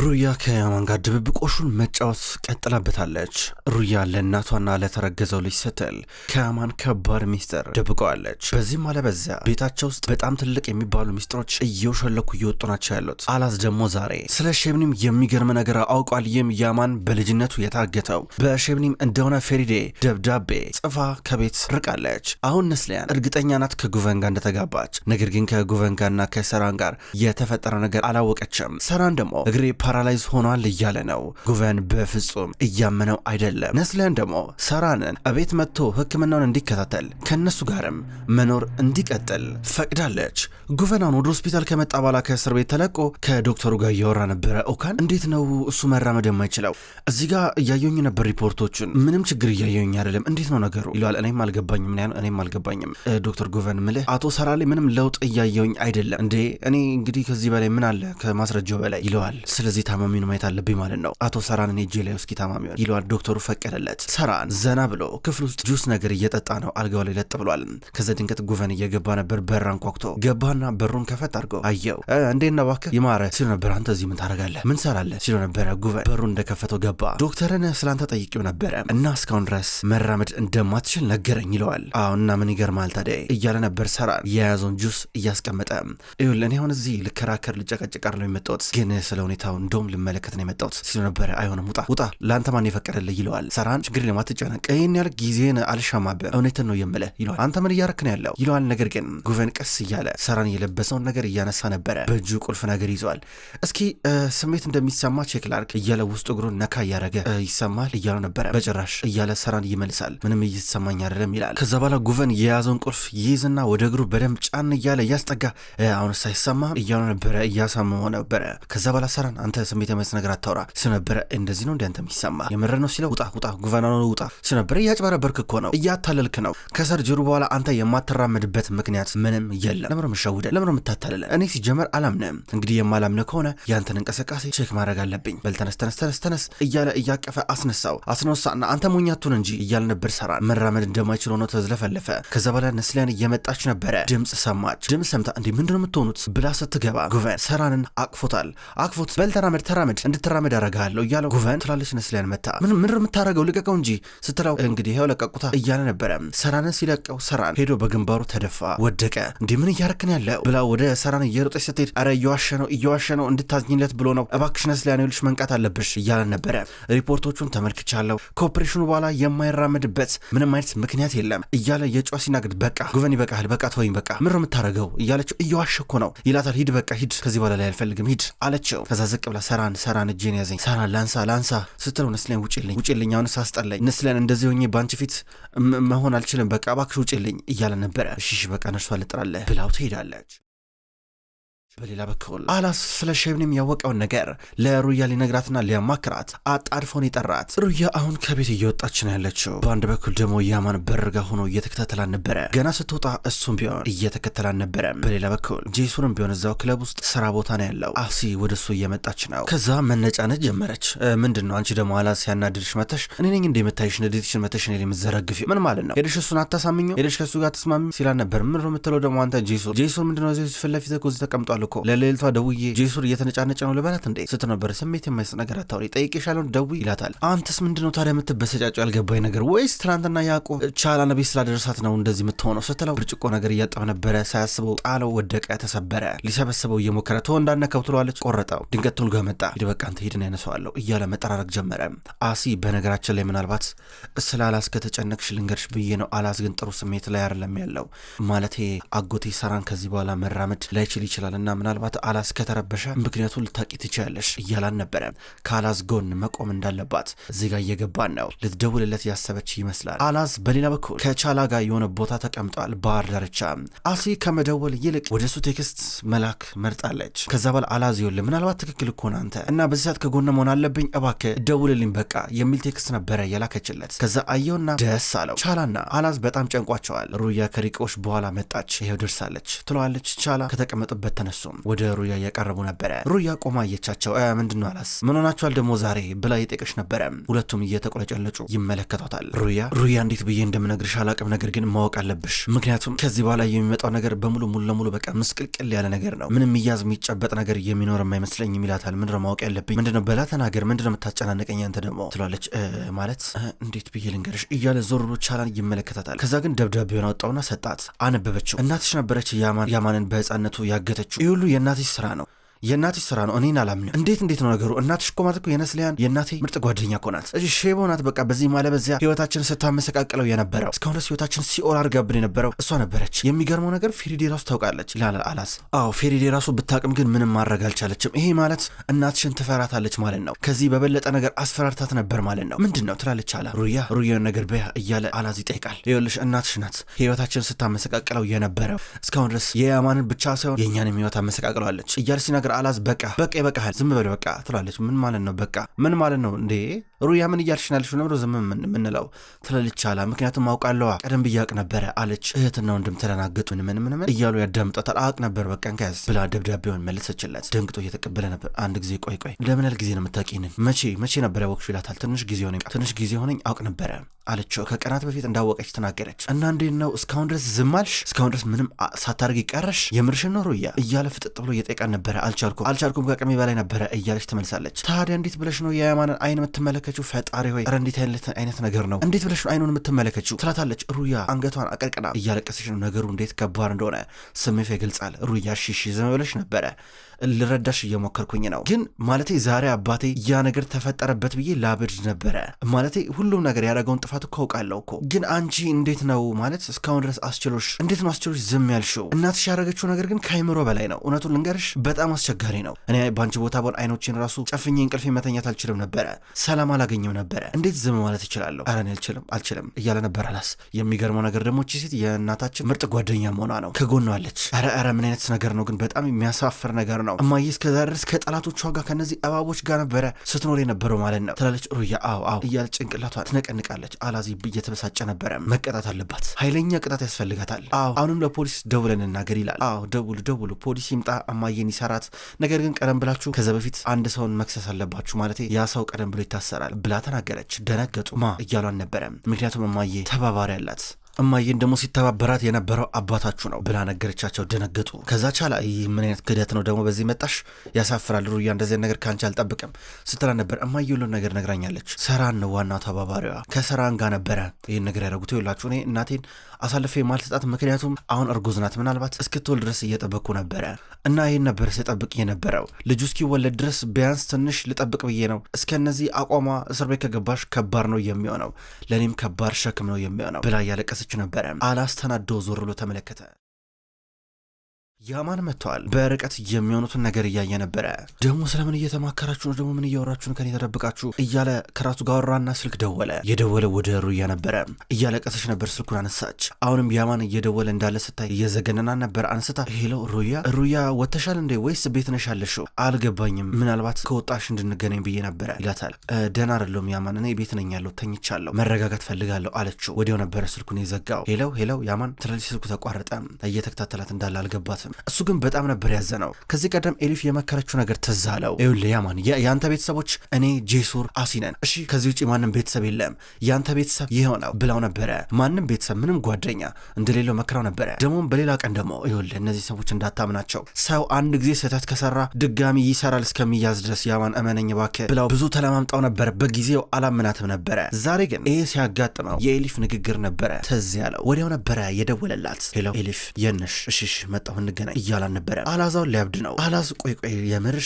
ሩያ ከያማን ጋር ድብብቆሹን መጫወት ቀጥላበታለች። ሩያ ለእናቷና ለተረገዘው ልጅ ስትል ከያማን ከባድ ሚስጥር ደብቀዋለች። በዚህም አለበዚያ ቤታቸው ውስጥ በጣም ትልቅ የሚባሉ ሚስጥሮች እየውሸለኩ እየወጡ ናቸው ያሉት። አላዝ ደግሞ ዛሬ ስለ ሼብኒም የሚገርም ነገር አውቋል። ይህም ያማን በልጅነቱ የታገተው በሼብኒም እንደሆነ ፌሪዴ ደብዳቤ ጽፋ ከቤት ርቃለች። አሁን ነስሊያን እርግጠኛ ናት ከጉቨንጋ እንደተጋባች። ነገር ግን ከጉቨን ጋርና ከሰራን ጋር የተፈጠረ ነገር አላወቀችም። ሰራን ደግሞ እግሬ ፓራላይዝ ሆኗል እያለ ነው። ጉቨን በፍጹም እያመነው አይደለም። ነስሊያን ደግሞ ሰራንን እቤት መጥቶ ህክምናውን እንዲከታተል ከእነሱ ጋርም መኖር እንዲቀጥል ፈቅዳለች። ጉቨናን ወደ ሆስፒታል ከመጣ በኋላ ከእስር ቤት ተለቆ ከዶክተሩ ጋር እያወራ ነበረ። ኦካን እንዴት ነው እሱ መራመድ የማይችለው? እዚህ ጋ እያየኝ ነበር ሪፖርቶቹን፣ ምንም ችግር እያየኝ አይደለም። እንዴት ነው ነገሩ ይለዋል። እኔም አልገባኝም እኔም አልገባኝም ዶክተር ጉቨን ምልህ አቶ ሰራ ላይ ምንም ለውጥ እያየውኝ አይደለም እንዴ? እኔ እንግዲህ ከዚህ በላይ ምን አለ ከማስረጃው በላይ ይለዋል። ስለ ስለዚህ ታማሚውን ማየት አለብኝ ማለት ነው። አቶ ሰራን እኔ እጄ ላይ እስኪ ታማሚውን ይለዋል። ዶክተሩ ፈቀደለት። ሰራን ዘና ብሎ ክፍል ውስጥ ጁስ ነገር እየጠጣ ነው። አልጋው ላይ ለጥ ብሏል። ከዛ ድንገት ጉቨን እየገባ ነበር። በሩን አንኳኩቶ ገባና በሩን ከፈት አድርገው አየው። እንዴት ነው እባክህ ይማረ ሲሉ ነበር። አንተ እዚህ ምን ታደርጋለህ? ምን ሰራለህ? ሲሉ ነበረ። ጉቨን በሩን እንደከፈተው ገባ። ዶክተርን ስላንተ ጠይቄው ነበረ እና እስካሁን ድረስ መራመድ እንደማትችል ነገረኝ ይለዋል። አዎ እና ምን ይገርማል ታዲያ እያለ ነበር ሰራን የያዘውን ጁስ እያስቀመጠ ይሁን ለእኔ አሁን እዚህ ልከራከር ልጨቀጭቃር ነው የመጣሁት ግን ስለ ሁኔታውን እንደውም ልመለከት ነው የመጣሁት ሲሉ ነበረ። አይሆንም፣ ውጣ ውጣ፣ ለአንተ ማን የፈቀደልህ ይለዋል። ሰራን ችግር የለም አትጨነቅ፣ ይህን ያህል ጊዜን አልሻማበ፣ እውነትን ነው የምልህ ይለዋል። አንተ ምን እያረክን ያለው ይለዋል። ነገር ግን ጉቨን ቀስ እያለ ሰራን የለበሰውን ነገር እያነሳ ነበረ። በእጁ ቁልፍ ነገር ይዘዋል። እስኪ ስሜት እንደሚሰማ ቼክ ላርግ እያለ ውስጥ እግሩን ነካ እያረገ ይሰማል እያለ ነበረ። በጭራሽ እያለ ሰራን ይመልሳል። ምንም እየተሰማኝ አይደለም ይላል። ከዛ በኋላ ጉቨን የያዘውን ቁልፍ ይይዝና ወደ እግሩ በደንብ ጫን እያለ እያስጠጋ አሁን ሳይሰማ እያሉ ነበረ፣ እያሳመመው ነበረ። ከዛ በኋላ ሰራን አንተ ስሜት መስ ነገር አታውራ ስነበረ እንደዚህ ነው እንዲያንተ የሚሰማ የምር ነው ሲለው ውጣ ውጣ ጉቨና ነው ውጣ ስነበረ እያጭበረበርክ እኮ ነው እያታለልክ ነው። ከሰርጀሩ በኋላ አንተ የማትራመድበት ምክንያት ምንም የለም። ለምን የምሸውደ ለምን የምታታለለ? እኔ ሲጀመር አላምንም። እንግዲህ የማላምነ ከሆነ ያንተን እንቅስቃሴ ቼክ ማድረግ አለብኝ። በልተነስ ተነስ ተነስ ተነስ እያለ እያቀፈ አስነሳው። አስነሳና አንተ ሞኛቱን እንጂ እያለ ነበር ሰራ መራመድ እንደማይችል ሆኖ ተዝለፈለፈ። ከዛ በኋላ ነስሊያን እየመጣች ነበረ። ድምፅ ሰማች። ድምፅ ሰምታ እንዲህ ምንድነው የምትሆኑት ብላ ስትገባ ጉቨን ሰራንን አቅፎታል። አቅፎት በል ተራመድ ተራመድ እንድትራመድ አረጋለሁ እያለ ጉቨን ትላለች ነስሊያን መታ ምን ምን የምታረገው ልቀቀው እንጂ ስትለው እንግዲህ ይኸው ለቀቁታ እያለ ነበረ። ሰራንን ሲለቀው ሰራን ሄዶ በግንባሩ ተደፋ ወደቀ። እንዲህ ምን እያረክን ያለው ብላ ወደ ሰራን እየሮጠች ስትሄድ አረ እየዋሸ ነው እየዋሸ ነው እንድታዝኝለት ብሎ ነው እባክሽ ነስሊያን ይኸውልሽ መንቃት አለብሽ እያለ ነበረ። ሪፖርቶቹን ተመልክቻለሁ። ከኦፕሬሽኑ በኋላ የማይራመድበት ምንም አይነት ምክንያት የለም እያለ የጮኸ ሲናግድ በቃ ጉቨን ይበቃል በቃ ተወኝ በቃ ምን የምታረገው እያለችው እየዋሸ እኮ ነው ይላታል። ሂድ በቃ ሂድ ከዚህ በኋላ ላይ አልፈልግም ሂድ አለችው። ከዛ ዝቅ ብላ ሰራን ሰራን እጄን ያዘኝ። ሰራን ላንሳ ላንሳ ስትለው ነስሊሀን ውጭልኝ ውጭልኝ፣ አሁንስ አስጠላኝ ነስሊሀን፣ እንደዚህ ሆኜ በአንቺ ፊት መሆን አልችልም፣ በቃ እባክሽ ውጭልኝ እያለ ነበረ። እሺሽ በቃ ነርሷ ልጥራለህ ብላው ትሄዳለች። በሌላ በኩል አላስ ስለ ሼብኔም ያወቀውን ነገር ለሩያ ሊነግራትና ሊያማክራት አጣድፎን ይጠራት። ሩያ አሁን ከቤት እየወጣች ነው ያለችው። በአንድ በኩል ደግሞ ያማን በርጋ ሆኖ እየተከታተላን ነበረ። ገና ስትወጣ እሱም ቢሆን እየተከተላን ነበረ። በሌላ በኩል ጄሱንም ቢሆን እዛው ክለብ ውስጥ ስራ ቦታ ነው ያለው። አሲ ወደ እሱ እየመጣች ነው። ከዛ መነጫነት ጀመረች። ምንድን ነው አንቺ ደግሞ አላስ ያናድድሽ መተሽ እኔ ነኝ እንደ የምታይሽ ንዴትሽን መተሽ እኔ የምዘረግፊ ምን ማለት ነው? ሄደሽ እሱን አታሳምኘው ሄደሽ ከእሱ ጋር ተስማሚ ሲላን ነበር። ምን ነው የምትለው ደግሞ አንተ ጄሱን ጄሱን ምንድነው ፊት ለፊት እኮ እዚህ ተቀምጧል እኮ ለልዕልቷ ደውዬ ጄሱር እየተነጫነጨ ነው ልበላት እንዴ ስት ነበር ስሜት የማይሰጥ ነገር አታውሪ ጠይቅ የሻለውን ደዊ ይላታል። አንተስ ምንድን ነው ታዲያ የምትበሰጫጩ ያልገባኝ ነገር ወይስ ትናንትና ያዕቆብ ቻላነ ቤት ስላደረሳት ነው እንደዚህ የምትሆነው ስትለው ብርጭቆ ነገር እያጣው ነበረ። ሳያስበው ጣለው፣ ወደቀ፣ ተሰበረ። ሊሰበስበው እየሞከረ ቶ እንዳነካው ትለዋለች። ቆረጠው። ድንገት ቱልጋ መጣ። ሂድ በቃ አንተ ሂድን ያነሰዋለሁ እያለ መጠራረግ ጀመረ። አሲ በነገራችን ላይ ምናልባት ስለ አላስ ከተጨነቅሽ ልንገርሽ ብዬ ነው። አላስ ግን ጥሩ ስሜት ላይ አይደለም ያለው ማለት አጎቴ ሰራን ከዚህ በኋላ መራመድ ላይችል ይችላል እና ምናልባት አላስ ከተረበሸ ምክንያቱን ልታቂ ትችያለሽ እያላን ነበረ። ከአላስ ጎን መቆም እንዳለባት እዚህ ጋር እየገባን ነው። ልትደውልለት ያሰበች ይመስላል። አላስ በሌላ በኩል ከቻላ ጋር የሆነ ቦታ ተቀምጧል፣ ባህር ዳርቻ። አሲ ከመደወል ይልቅ ወደ ወደሱ ቴክስት መላክ መርጣለች። ከዛ በል አላዝ ይኸውልህ፣ ምናልባት ትክክል እኮ ናንተ እና በዚህ ሰዓት ከጎነ መሆን አለብኝ፣ እባክህ ደውልልኝ በቃ የሚል ቴክስት ነበረ የላከችለት። ከዛ አየውና ደስ አለው። ቻላና አላዝ በጣም ጨንቋቸዋል። ሩያ ከሪቆች በኋላ መጣች። ይሄው ደርሳለች ትለዋለች። ቻላ ከተቀመጠበት ተነሱ። እነሱም ወደ ሩያ እያቀረቡ ነበረ። ሩያ ቆማ እየቻቸው ምንድን ነው አላስ ምን ሆናችኋል ደግሞ ዛሬ ብላ የጠቀሽ ነበረ። ሁለቱም እየተቆለጨለጩ ይመለከቷታል። ሩያ ሩያ እንዴት ብዬ እንደምነግርሽ አላቅም፣ ነገር ግን ማወቅ አለብሽ። ምክንያቱም ከዚህ በኋላ የሚመጣው ነገር በሙሉ ሙሉ ለሙሉ በቃ ምስቅልቅል ያለ ነገር ነው። ምንም እያዝ የሚጨበጥ ነገር የሚኖር አይመስለኝም ይላታል። ምንድን ነው ማወቅ ያለብኝ? ምንድነው በላ ተናገር። ምንድነው የምታጨናነቀኝ አንተ ደግሞ ትሏለች። ማለት እንዴት ብዬ ልንገርሽ እያለ ዞር ብሎ ቻላን ይመለከታታል። ከዛ ግን ደብዳቤውን አወጣውና ሰጣት፣ አነበበችው። እናትሽ ነበረች ያማንን በህፃነቱ ያገተችው ሁሉ የእናትሽ ስራ ነው። የእናትሽ ስራ ነው፣ እኔን አላምን። እንዴት እንዴት ነው ነገሩ? እናትሽ እኮ ማለት እኮ የነስሊያን የእናቴ ምርጥ ጓደኛ እኮ ናት። እሺ ሼቦ ናት። በቃ በዚህ ማለ በዚያ ህይወታችን ስታመሰቃቅለው የነበረው እስካሁን ድረስ ህይወታችን ሲኦል አድርጋብን የነበረው እሷ ነበረች። የሚገርመው ነገር ፌሪዴ ራሱ ታውቃለች ይላል አላስ። አዎ ፌሪዴ ራሱ ብታቅም ግን ምንም ማድረግ አልቻለችም። ይሄ ማለት እናትሽን ትፈራታለች ማለት ነው። ከዚህ በበለጠ ነገር አስፈራርታት ነበር ማለት ነው። ምንድን ነው ትላለች አላ ሩያ ሩያን ነገር በያ እያለ አላዝ ይጠይቃል። ይኸውልሽ እናትሽ ናት ህይወታችን ስታመሰቃቅለው የነበረው እስካሁን ድረስ የያማንን ብቻ ሳይሆን የእኛንም ህይወት አመሰቃቅለዋለች እያለ ሲናገር ነገር አላዝ በቃ በቃ ይበቃሃል፣ ዝም በል በቃ ትላለች። ምን ማለት ነው በቃ ምን ማለት ነው እንዴ? ሩያ ምን እያልሽናልሽ ነብሮ ዝም የምንለው ትላለች አላ ምክንያቱም አውቃለዋ ቀደም ብያቅ ነበረ አለች። እህትና ወንድም ተደናገጡ። ምን ምን ምን እያሉ ያዳምጣታል። አቅ ነበር በቃ እንከያዝ ብላ ደብዳቤውን መልሰችለት። ደንግጦ እየተቀበለ ነበር። አንድ ጊዜ ቆይ ቆይ ለምን ያህል ጊዜ ነው የምታውቂንን? መቼ መቼ ነበር ያወቅሽው ይላታል። ትንሽ ጊዜ ሆነኝ ትንሽ ጊዜ ሆነኝ አውቅ ነበረ አለችው። ከቀናት በፊት እንዳወቀች ተናገረች። እና እንዴት ነው እስካሁን ድረስ ዝም አልሽ? እስካሁን ድረስ ምንም ሳታደርጊ ይቀረሽ? የምርሽን ነው ሩያ እያለ ፍጥጥ ብሎ እየጠየቃን ነበረ አልች አልቻልኩም አልቻልኩም ከቅሜ በላይ ነበረ እያለች ትመልሳለች። ታዲያ እንዴት ብለሽ ነው የያማንን አይን የምትመለከችው? ፈጣሪ ሆይ ረ እንዴት አይነት ነገር ነው? እንዴት ብለሽ ነው አይኑን የምትመለከችው? ትላታለች ሩያ አንገቷን አቀርቅና እያለቀሰች ነው። ነገሩ እንዴት ከባድ እንደሆነ ስሜፍ ይገልጻል። ሩያ ሺሺ ዝም ብለሽ ነበረ ልረዳሽ እየሞከርኩኝ ነው። ግን ማለቴ ዛሬ አባቴ ያ ነገር ተፈጠረበት ብዬ ላብድ ነበረ። ማለቴ ሁሉም ነገር ያደረገውን ጥፋት እኮ አውቃለሁ እኮ። ግን አንቺ እንዴት ነው ማለት እስካሁን ድረስ አስችሎሽ እንዴት ነው አስችሎሽ ዝም ያልሽው? እናትሽ ያደረገችው ነገር ግን ከአይምሮ በላይ ነው። እውነቱን ልንገርሽ በጣም አስቸጋሪ ነው። እኔ በአንቺ ቦታ በሆን አይኖችን ራሱ ጨፍኜ እንቅልፌ መተኛት አልችልም ነበረ። ሰላም አላገኘም ነበረ። እንዴት ዝም ማለት እችላለሁ? አልችልም አልችልም እያለ ነበር። አላስ የሚገርመው ነገር ደግሞ እቺ ሴት የእናታችን ምርጥ ጓደኛ መሆኗ ነው። ከጎኗ አለች። ረ ምን አይነት ነገር ነው ግን! በጣም የሚያሳፍር ነገር ነው። ነው። እማዬ እስከዛ ድረስ ከጠላቶቿ ጋር ከነዚህ እባቦች ጋር ነበረ ስትኖር የነበረው ማለት ነው ትላለች ሩያ። አዎ አዎ እያለ ጭንቅላቷን ትነቀንቃለች። አላዚ እየተበሳጨ ነበረ። መቀጣት አለባት፣ ኃይለኛ ቅጣት ያስፈልጋታል። አዎ አሁንም ለፖሊስ ደውለን እናገር ይላል። አዎ ደውሉ ደውሉ፣ ፖሊስ ይምጣ፣ እማዬን ይሰራት። ነገር ግን ቀደም ብላችሁ ከዛ በፊት አንድ ሰውን መክሰስ አለባችሁ፣ ማለት ያ ሰው ቀደም ብሎ ይታሰራል ብላ ተናገረች። ደነገጡ። ማ እያሏን ነበረ። ምክንያቱም እማዬ ተባባሪ አላት እማዬን ደግሞ ሲተባበራት የነበረው አባታችሁ ነው ብላ ነገረቻቸው። ደነገጡ። ከዛ ቻላ ይህ ምን አይነት ክደት ነው ደግሞ በዚህ መጣሽ? ያሳፍራል። ሩያ እንደዚህ ነገር ከአንቺ አልጠብቅም ስትላ ነበር። እማዬ ሁሉን ነገር ነግራኛለች። ሰራን ነው ዋና ተባባሪዋ። ከሰራን ጋር ነበረ ይህን ነገር ያደረጉት። ይላችሁ እኔ እናቴን አሳልፌ ማልሰጣት ምክንያቱም አሁን እርጉዝ ናት። ምናልባት እስክትወል ድረስ እየጠበቅኩ ነበረ እና ይህን ነበር ስጠብቅ የነበረው ልጁ እስኪወለድ ድረስ ቢያንስ ትንሽ ልጠብቅ ብዬ ነው። እስከነዚህ አቋሟ እስር ቤት ከገባሽ ከባድ ነው የሚሆነው፣ ለእኔም ከባድ ሸክም ነው የሚሆነው ብላ እያለቀሰ እያለቀሰች ነበረ። አላስተናዶ ዞር ብሎ ተመለከተ። ያማን መጥተዋል። በርቀት የሚሆኑትን ነገር እያየ ነበረ። ደግሞ ስለምን እየተማከራችሁ ነው? ደግሞ ምን እያወራችሁን ከኔ ተደብቃችሁ? እያለ ከራሱ ጋር ወራና ስልክ ደወለ። የደወለ ወደ ሩያ ነበረ። እያለቀሰች ነበር። ስልኩን አነሳች። አሁንም ያማን እየደወለ እንዳለ ስታይ እየዘገነና ነበር። አንስታ ሄሎ ሩያ፣ ሩያ ወተሻል እንዴ ወይስ ቤት ነሽ ያለሽው? አልገባኝም። ምናልባት ከወጣሽ እንድንገናኝ ብዬ ነበረ ይላታል። ደህና አይደለሁም ያማን፣ እኔ ቤት ነኝ ያለው ተኝቻለሁ፣ መረጋጋት ፈልጋለሁ አለችው። ወዲያው ነበረ ስልኩን የዘጋው። ሄለው ሄለው ያማን ትላለች። ስልኩ ተቋረጠ። እየተከታተላት እንዳለ አልገባትም። እሱ ግን በጣም ነበር ያዘነው። ከዚህ ቀደም ኤሊፍ የመከረችው ነገር ትዝ አለው። ይኸውልህ ያማን የአንተ ቤተሰቦች እኔ፣ ጄሱር፣ አሲነን እሺ፣ ከዚህ ውጭ ማንም ቤተሰብ የለም የአንተ ቤተሰብ ይኸው ነው ብላው ነበረ። ማንም ቤተሰብ ምንም ጓደኛ እንደሌለው መክራው ነበረ። ደግሞም በሌላ ቀን ደግሞ ይኸውልህ እነዚህ ሰዎች እንዳታምናቸው፣ ሰው አንድ ጊዜ ስህተት ከሰራ ድጋሚ ይሰራል እስከሚያዝ ድረስ ያማን እመነኝ ባክ ብላው ብዙ ተለማምጣው ነበር። በጊዜው አላምናትም ነበረ። ዛሬ ግን ይሄ ሲያጋጥመው የኤሊፍ ንግግር ነበረ ትዝ ያለው። ወዲያው ነበረ የደወለላት። ሄሎ ኤሊፍ የነሽ እሽሽ፣ መጣሁ እንትን እያላን ነበረ። አላዛው ሊያብድ ነው። አላዝ ቆይ ቆይ የምር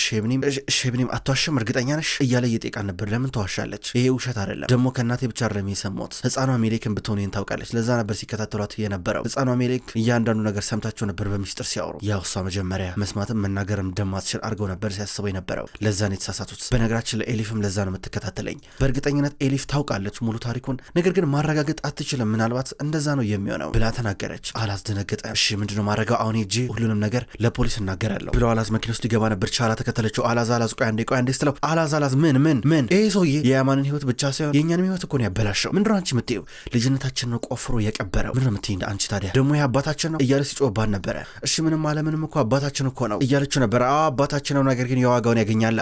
ሼብኒም አትዋሽም እርግጠኛ ነሽ እያለ እየጠቃን ነበር። ለምን ተዋሻለች? ይሄ ውሸት አይደለም። ደግሞ ከእናቴ ብቻ ረሚ የሰማሁት ህፃኗ ሜሌክን ብትሆን ይህን ታውቃለች። ለዛ ነበር ሲከታተሏት የነበረው። ህፃኗ ሜሌክ እያንዳንዱ ነገር ሰምታቸው ነበር በሚስጥር ሲያወሩ። ያው እሷ መጀመሪያ መስማትም መናገርም እንደማትችል አድርገው ነበር ሲያስበው የነበረው። ለዛን የተሳሳቱት። በነገራችን ለኤሊፍም ለዛ ነው የምትከታተለኝ። በእርግጠኝነት ኤሊፍ ታውቃለች ሙሉ ታሪኩን፣ ነገር ግን ማረጋገጥ አትችልም። ምናልባት እንደዛ ነው የሚሆነው ብላ ተናገረች። አላስደነገጠ። እሺ ምንድነው ማድረገው? አሁን ሄጄ ሁሉ ሁሉንም ነገር ለፖሊስ እናገራለሁ ብለው አላዝ መኪና ውስጥ ሊገባ ነበር። ቻላ ተከተለችው። አላዝ አላዝ ቆይ አንዴ ቆይ አንዴ ስትለው አላዝ አላዝ ምን ምን ምን ይሄ ሰውዬ የያማንን ህይወት ብቻ ሳይሆን የእኛንም ህይወት እኮ ነው ያበላሸው ምንድን ነው አንቺ የምትይው? ልጅነታችን ነው ቆፍሮ የቀበረው ምንድን ነው የምትይ እንደ አንቺ ታዲያ ደግሞ ይሄ አባታችን ነው እያለ ሲጮባን ነበረ። እሺ ምንም አለ ምንም እኮ አባታችን እኮ ነው እያለችው ነበረ። አዎ አባታችን ነው፣ ነገር ግን የዋጋውን ያገኛላ።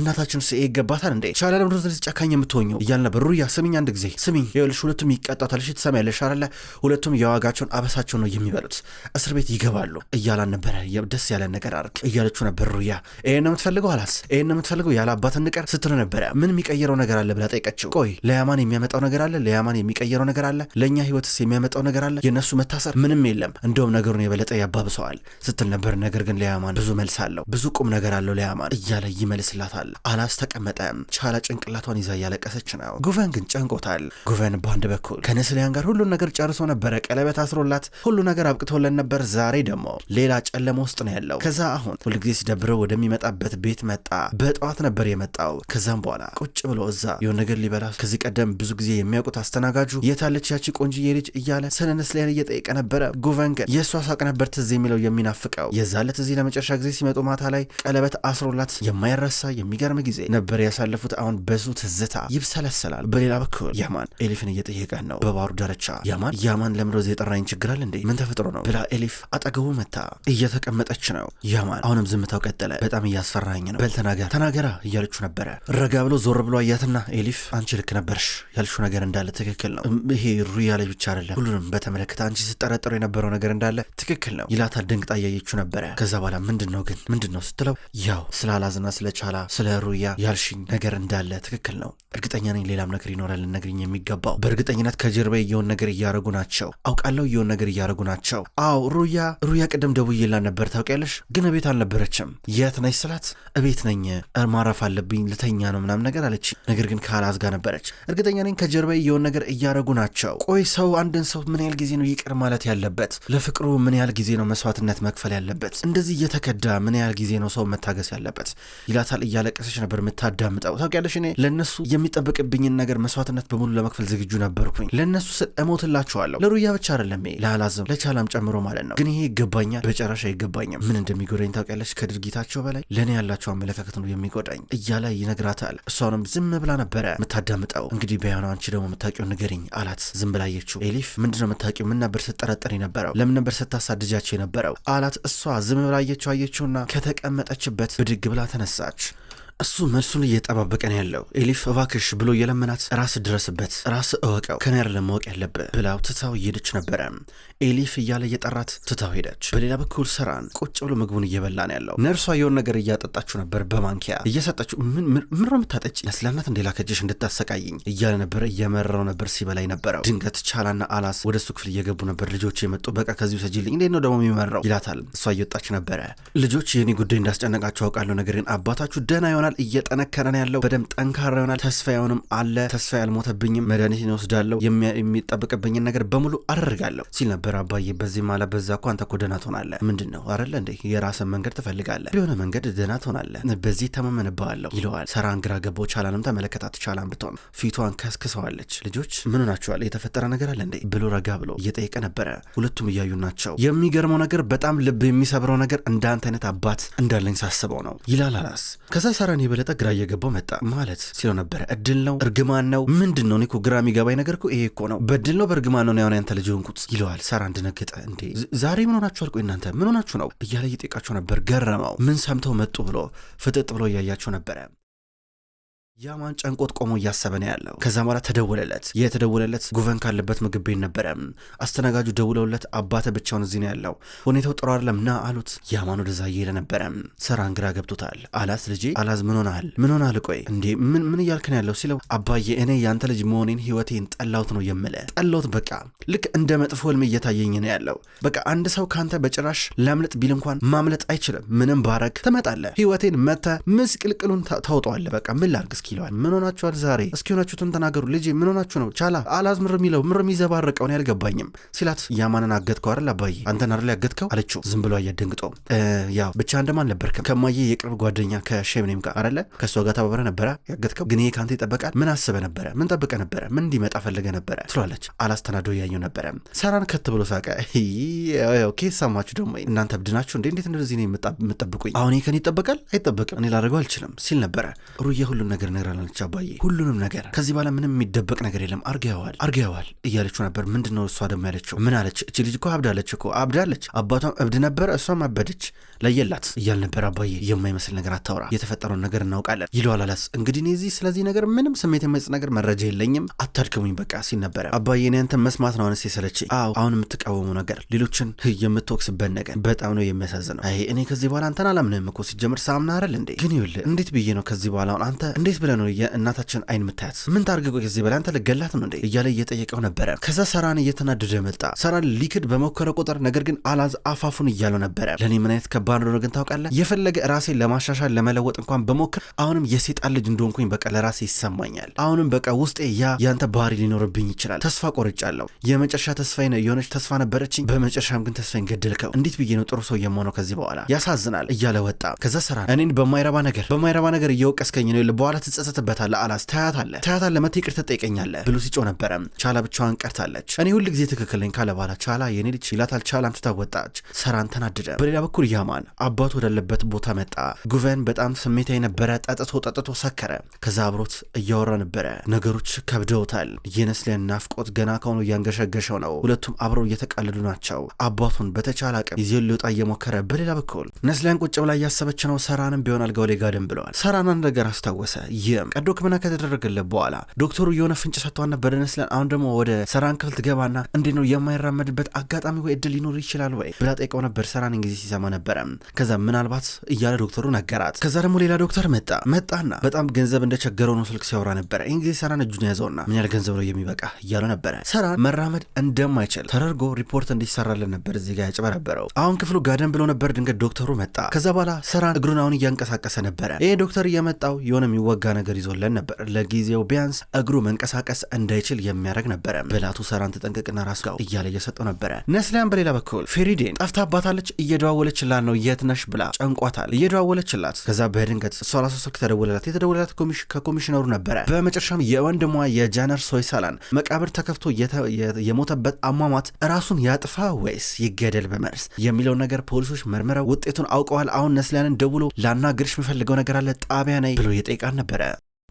እናታችን ስ ይገባታል እንዴ ቻላ ለምድሮ ዘ ጨካኝ የምትሆኘው እያል ነበር። ሩያ ስሚኝ አንድ ጊዜ ስሚኝ ይልሽ ሁለቱም ይቀጣታልሽ ትሰማያለሽ አለ ሁለቱም የዋጋቸውን አበሳቸው ነው የሚበሉት እስር ቤት ይገባሉ እያላ እያወራን ነበረ። ደስ ያለ ነገር አርክ እያለች ነበር። ሩያ ይህን ነው የምትፈልገው አላስ ይህን ነው የምትፈልገው ያለ አባት ንቀር ስትል ነበረ። ምን የሚቀየረው ነገር አለ ብላ ጠይቀችው። ቆይ ለያማን የሚያመጣው ነገር አለ ለያማን የሚቀየረው ነገር አለ ለእኛ ህይወትስ የሚያመጣው ነገር አለ የእነሱ መታሰር ምንም የለም፣ እንደውም ነገሩን የበለጠ ያባብሰዋል ስትል ነበር። ነገር ግን ለያማን ብዙ መልስ አለው፣ ብዙ ቁም ነገር አለው ለያማን እያለ ይመልስላታል። አላስ ተቀመጠ። ቻላ ጭንቅላቷን ይዛ እያለቀሰች ነው። ጉቨን ግን ጨንቆታል። ጉቨን በአንድ በኩል ከነስሊያን ጋር ሁሉን ነገር ጨርሶ ነበረ። ቀለበት አስሮላት ሁሉ ነገር አብቅቶለን ነበር። ዛሬ ደግሞ ሌላ ጨለማ ውስጥ ነው ያለው። ከዛ አሁን ሁልጊዜ ሲደብረው ወደሚመጣበት ቤት መጣ። በጠዋት ነበር የመጣው። ከዛም በኋላ ቁጭ ብሎ እዛ የሆነ ነገር ሊበላ ከዚህ ቀደም ብዙ ጊዜ የሚያውቁት አስተናጋጁ የታለች ያቺ ቆንጅዬ ልጅ እያለ ስለ ላይ እየጠየቀ ነበረ። ጉቨን ግን የእሷ ሳቅ ነበር ትዝ የሚለው የሚናፍቀው። የዛለት እዚህ ለመጨረሻ ጊዜ ሲመጡ ማታ ላይ ቀለበት አስሮላት የማይረሳ የሚገርም ጊዜ ነበር ያሳለፉት። አሁን በሱ ትዝታ ይብሰለሰላል። በሌላ በኩል ያማን ኤሊፍን እየጠየቀ ነው በባሩ ዳርቻ። ያማን ያማን ለምዶዝ የጠራኝ ችግራል እንዴ ምን ተፈጥሮ ነው ብላ ኤሊፍ አጠገቡ መታ። እየተቀመጠች ነው። ያማን አሁንም ዝምታው ቀጠለ። በጣም እያስፈራኝ ነው። በል ተናገር ተናገራ እያለችው ነበረ። ረጋ ብሎ ዞር ብሎ አያትና ኤሊፍ አንቺ ልክ ነበርሽ ያልሽው ነገር እንዳለ ትክክል ነው። ይሄ ሩያ ላይ ብቻ አይደለም ሁሉንም በተመለከተ አንቺ ስጠረጠሩ የነበረው ነገር እንዳለ ትክክል ነው ይላታ ደንግጣ እያየችው ነበረ። ከዛ በኋላ ምንድን ነው ግን ምንድን ነው ስትለው ያው ስለ አላዝና ስለ ቻላ ስለ ሩያ ያልሽኝ ነገር እንዳለ ትክክል ነው። እርግጠኛ ነኝ ሌላም ነገር ይኖራል ልነግሪኝ የሚገባው በእርግጠኝነት ከጀርባ የሆን ነገር እያደረጉ ናቸው። አውቃለሁ የሆን ነገር እያደረጉ ናቸው። አዎ ሩያ ሩያ ቅድም ደውዬላት ነበር ታውቂያለሽ፣ ግን እቤት አልነበረችም። የት ነች ስላት እቤት ነኝ፣ ማረፍ አለብኝ፣ ልተኛ ነው ምናምን ነገር አለች። ነገር ግን ካላዝ ጋር ነበረች። እርግጠኛ ነኝ ከጀርባ የሆነ ነገር እያረጉ ናቸው። ቆይ ሰው አንድን ሰው ምን ያህል ጊዜ ነው ይቅር ማለት ያለበት? ለፍቅሩ ምን ያህል ጊዜ ነው መስዋዕትነት መክፈል ያለበት? እንደዚህ እየተከዳ ምን ያህል ጊዜ ነው ሰው መታገስ ያለበት? ይላታል። እያለቀሰች ነበር የምታዳምጠው ታውቂያለሽ። እኔ ለእነሱ የሚጠበቅብኝን ነገር መስዋዕትነት በሙሉ ለመክፈል ዝግጁ ነበርኩኝ። ለእነሱ ስል እሞትላቸዋለሁ። ለሩያ ብቻ አይደለም ለአላዝም ለቻላም ጨምሮ ማለት ነው። ግን ይሄ ይገባኛል መጨረሻ አይገባኝም። ምን እንደሚጎዳኝ ታውቂያለች። ከድርጊታቸው በላይ ለእኔ ያላቸው አመለካከት ነው የሚጎዳኝ እያለ ይነግራታል። እሷንም ዝም ብላ ነበረ የምታዳምጠው። እንግዲህ በያኗ አንቺ ደግሞ የምታውቂው ንገሪኝ አላት። ዝም ብላ አየችው። ኤሊፍ ምንድነው የምታውቂው? ምን ነበር ስጠረጠር የነበረው? ለምን ነበር ስታሳድጃቸው የነበረው አላት። እሷ ዝም ብላ አየችው። አየችውና ከተቀመጠችበት ብድግ ብላ ተነሳች። እሱ መልሱን እየጠባበቀ ነው ያለው። ኤሊፍ እባክሽ ብሎ የለመናት ራስ ድረስበት፣ ራስ እወቀው፣ ከነር አይደለም ማወቅ ያለብህ ብላው ትታው እየሄደች ነበረ። ኤሊፍ እያለ እየጠራት ትታው ሄደች። በሌላ በኩል ሰራን ቁጭ ብሎ ምግቡን እየበላ ነው ያለው። ነርሷ የሆን ነገር እያጠጣችው ነበር፣ በማንኪያ እየሰጠችው። ምን ነው የምታጠጭ ለስላናት እንዴ ላከችሽ እንድታሰቃይኝ እያለ ነበረ። እየመረረው ነበር፣ ሲበላይ ነበረው። ድንገት ቻላና አላስ ወደ እሱ ክፍል እየገቡ ነበር። ልጆች የመጡ በቃ ከዚሁ ሰጂልኝ፣ እንዴት ነው ደግሞ የሚመራው ይላታል። እሷ እየወጣች ነበረ። ልጆች የእኔ ጉዳይ እንዳስጨነቃቸው አውቃለሁ፣ ነገር ግን አባታችሁ ደህና የሆነ ይሆናል። እየጠነከረ ነው ያለው፣ በደንብ ጠንካራ ይሆናል። ተስፋዬውንም አለ ተስፋ ያልሞተብኝም መድኃኒትን እወስዳለሁ፣ የሚጠብቅብኝን ነገር በሙሉ አደርጋለሁ ሲል ነበር። አባዬ በዚህ ማለ በዛ እኮ አንተ እኮ ደህና ትሆናለህ። ምንድን ነው እንዴ? የራስን መንገድ ትፈልጋለህ፣ የሆነ መንገድ ደህና ትሆናለህ፣ በዚህ ተማመንብሃለሁ ይለዋል። ሰራን ግራ ገባው። ቻላንም ተመለከታት። ቻላን ብትሆን ፊቷን ከስክሰዋለች። ልጆች ምን ሆናችኋል? የተፈጠረ ነገር አለ እንዴ ብሎ ረጋ ብሎ እየጠየቀ ነበረ። ሁለቱም እያዩ ናቸው። የሚገርመው ነገር በጣም ልብ የሚሰብረው ነገር እንዳንተ አይነት አባት እንዳለኝ ሳስበው ነው ይላል አላስ። ከዛ ከእኔ የበለጠ ግራ እየገባው መጣ ማለት ሲለው ነበረ። እድል ነው እርግማን ነው ምንድን ነው? እኔ እኮ ግራ የሚገባኝ ነገር እኮ ይሄ እኮ ነው። በድል ነው በእርግማን ነው ያሁን ያንተ ልጅ ሆንኩት ይለዋል። ሳራ እንደነገጠ እንዴ ዛሬ ምን ሆናችኋል? ቆይ እናንተ ምን ሆናችሁ ነው እያለ እየጠቃቸው ነበር። ገረመው ምን ሰምተው መጡ ብሎ ፍጥጥ ብሎ እያያቸው ነበረ። ያማን ጨንቆት ቆሞ እያሰበ ነው ያለው። ከዛ በኋላ ተደወለለት። የተደወለለት ጉቨን ካለበት ምግብ ቤት ነበረ። አስተናጋጁ ደውለውለት አባተ ብቻውን እዚህ ነው ያለው፣ ሁኔታው ጥሩ አይደለም ና አሉት። ያማን ወደዛ እየሄደ ነበረ። ሰራን ግራ ገብቶታል። አላዝ ልጄ፣ አላዝ ምን ሆናል? ምን ሆናል? ቆይ እንዴ ምን ምን እያልክ ነው ያለው ሲለው፣ አባዬ እኔ ያንተ ልጅ መሆኔን ህይወቴን ጠላሁት ነው የምለ ጠላሁት። በቃ ልክ እንደ መጥፎ ህልም እየታየኝ ነው ያለው። በቃ አንድ ሰው ካንተ በጭራሽ ላምልጥ ቢል እንኳን ማምለጥ አይችልም። ምንም ባረግ ትመጣለህ። ህይወቴን መተ ምስቅልቅሉን ታውጠዋለህ። በቃ ምን ላርግ እስኪ ይለዋል። ምን ሆናችኋል ዛሬ እስኪ ሆናችሁትን ተናገሩ ልጄ ምን ሆናችሁ ነው? ቻላ አላዝ ምር የሚለው ምር የሚዘባረቀውን አይገባኝም ሲላት ያማንን አገትከው አይደል አባዬ አንተን አይደል ያገትከው አለችው። ዝም ብሎ አያደንግጦ ያው ብቻ እንደማን ነበርክም ከማየ የቅርብ ጓደኛ ከሸምኔም ጋር አይደለ ከእሷ ጋር ተባበረ ነበረ ያገትከው። ግን ይሄ ከአንተ ይጠበቃል? ምን አስበ ነበረ? ምን ጠብቀ ነበረ? ምን እንዲመጣ ፈለገ ነበረ? ትሏለች። አላስተናዶ እያየው ነበረ። ሰራን ከት ብሎ ሳቀ። ኦኬ ሰማችሁ ደግሞ እናንተ ብድናችሁ እንዴ እንዴት እንደዚህ ነው የምጠብቁኝ? አሁን ይሄ ከኔ ይጠበቃል አይጠበቅም? እኔ ላደርገው አልችልም ሲል ነበረ። ሩዬ ሁሉን ነገር ነግራለች። አባዬ ሁሉንም ነገር ከዚህ በኋላ ምንም የሚደበቅ ነገር የለም አርገዋል አርገዋል እያለችው ነበር። ምንድን ነው እሷ ደግሞ ያለችው? ምን አለች እች ልጅ? እኮ አብዳለች እኮ አብዳለች። አባቷም እብድ ነበር፣ እሷም አበደች፣ ለየላት እያል ነበር። አባዬ የማይመስል ነገር አታውራ፣ የተፈጠረውን ነገር እናውቃለን ይለዋል። አላስ እንግዲህ እኔ እዚህ ስለዚህ ነገር ምንም ስሜት የመጽ ነገር መረጃ የለኝም፣ አታድክሙኝ በቃ ሲል ነበረ። አባዬ እኔ አንተን መስማት ነው አነስ የሰለች። አዎ አሁን የምትቃወሙ ነገር ሌሎችን የምትወቅስበት ነገር በጣም ነው የሚያሳዝነው። አይ እኔ ከዚህ በኋላ አንተን አላምንም እኮ ሲጀምር ሳምና አይደል እንዴ? ግን ይኸውልህ እንዴት ብዬ ነው ከዚህ በኋላ አሁን አንተ እንዴት ብለህ ነው የእናታችን አይን ምታያት? ምን ታርግ? ቆይ ከዚህ በላይ አንተ ልገላት ነው እንዴ? እያለ እየጠየቀው ነበረ። ከዛ ሰራን እየተናደደ መጣ። ሰራን ሊክድ በሞከረ ቁጥር ነገር ግን አላዝ አፋፉን እያለው ነበረ። ለእኔ ምን አይነት ከባድ ነው ግን ታውቃለህ? የፈለገ ራሴን ለማሻሻል ለመለወጥ እንኳን በሞክር አሁንም የሴጣን ልጅ እንደሆንኩኝ በቃ ለራሴ ይሰማኛል። አሁንም በቃ ውስጤ ያ ያንተ ባህሪ ሊኖርብኝ ይችላል። ተስፋ ቆርጫለሁ። የመጨረሻ ተስፋዬ የሆነች ተስፋ ነበረችኝ። በመጨረሻም ግን ተስፋዬን ገደልከው። እንዴት ብዬ ነው ጥሩ ሰው የመሆነው ከዚህ በኋላ? ያሳዝናል እያለ ወጣ። ከዛ ሰራን እኔን በማይረባ ነገር በማይረባ ነገር እየወቀስከኝ ነው በኋላ ትጸጸትበታለህ፣ አላስ ታያታለህ፣ ታያታለህ፣ መተህ ይቅርታ ትጠይቀኛለህ ብሎ ሲጮህ ነበረ። ቻላ ብቻዋን ቀርታለች። እኔ ሁል ጊዜ ትክክል ነኝ ካለ በኋላ ቻላ የኔ ልጅ ይላታል። ቻላም ትታወጣች። ሰራን ተናደደ። በሌላ በኩል ያማን አባቱ ወዳለበት ቦታ መጣ። ጉቨን በጣም ስሜታዊ ነበረ። ጠጥቶ ጠጥቶ ሰከረ። ከዛ አብሮት እያወራ ነበረ። ነገሮች ከብደውታል። የነስሊያን ናፍቆት ገና ከሆኖ እያንገሸገሸው ነው። ሁለቱም አብረው እየተቃለዱ ናቸው። አባቱን በተቻለ አቅም ይዞ ሊወጣ እየሞከረ በሌላ በኩል ነስሊያን ቁጭ ብላ እያሰበች ነው። ሰራንም ቢሆን አልጋው ላይ ጋደም ብለዋል። ሰራን አንድ ነገር አስታወሰ። ቀዶ ሕክምና ከተደረገለት በኋላ ዶክተሩ የሆነ ፍንጭ ሰጥቷን ነበር ይመስለን። አሁን ደግሞ ወደ ሰራን ክፍል ትገባና እንዴ ነው የማይራመድበት አጋጣሚ ወይ እድል ሊኖር ይችላል ወይ ብላ ጠይቀው ነበር። ሰራን እንግዲህ ሲሰማ ነበረ። ከዛ ምናልባት እያለ ዶክተሩ ነገራት። ከዛ ደግሞ ሌላ ዶክተር መጣ መጣና በጣም ገንዘብ እንደቸገረው ነው ስልክ ሲያወራ ነበረ። ይህ ጊዜ ሰራን እጁን ያዘውና ምን ያህል ገንዘብ ነው የሚበቃ እያለ ነበረ። ሰራን መራመድ እንደማይችል ተደርጎ ሪፖርት እንዲሰራለን ነበር እዚህ ጋር ያጭበረበረው። አሁን ክፍሉ ጋደን ብሎ ነበር። ድንገት ዶክተሩ መጣ። ከዛ በኋላ ሰራን እግሩን አሁን እያንቀሳቀሰ ነበረ። ይሄ ዶክተር እየመጣው የሆነ የሚወጋ ነገር ይዞለን ነበር። ለጊዜው ቢያንስ እግሩ መንቀሳቀስ እንዳይችል የሚያደርግ ነበረ። ብላቱ ሰራን ተጠንቀቅና ራስጋው እያለ እየሰጠው ነበረ። ነስሊያን በሌላ በኩል ፌሪዴን ጠፍታባታለች፣ እየደዋወለችላት ነው የት ነሽ ብላ ጨንቋታል። እየደዋወለችላት ከዛ በድንገት እሷ ራሷ ስልክ ተደወለላት። የተደወለላት ከኮሚሽነሩ ነበረ። በመጨረሻም የወንድሟ የጃነር ሶይሳላን መቃብር ተከፍቶ የሞተበት አሟሟት ራሱን ያጥፋ ወይስ ይገደል በመርስ የሚለውን ነገር ፖሊሶች መርምረው ውጤቱን አውቀዋል። አሁን ነስሊያንን ደውሎ ላናግርሽ የምፈልገው ነገር አለ ጣቢያ ነይ ብሎ የጠይቃን ነበር። Pereira.